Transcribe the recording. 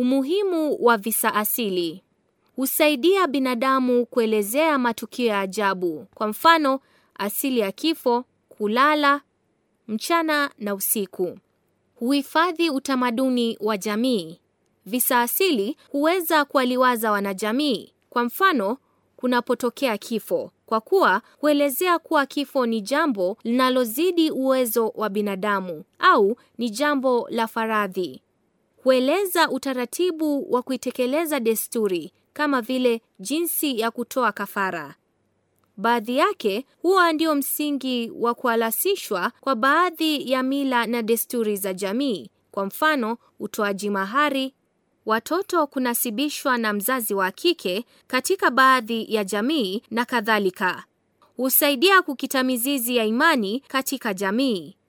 Umuhimu wa visa asili husaidia binadamu kuelezea matukio ya ajabu. Kwa mfano, asili ya kifo, kulala mchana na usiku. Huhifadhi utamaduni wa jamii. Visa asili huweza kuwaliwaza wanajamii. Kwa mfano, kunapotokea kifo, kwa kuwa huelezea kuwa kifo ni jambo linalozidi uwezo wa binadamu au ni jambo la faradhi. Hueleza utaratibu wa kuitekeleza desturi kama vile jinsi ya kutoa kafara. Baadhi yake huwa ndio msingi wa kuhalasishwa kwa baadhi ya mila na desturi za jamii. Kwa mfano, utoaji mahari, watoto kunasibishwa na mzazi wa kike katika baadhi ya jamii na kadhalika. Husaidia kukita mizizi ya imani katika jamii.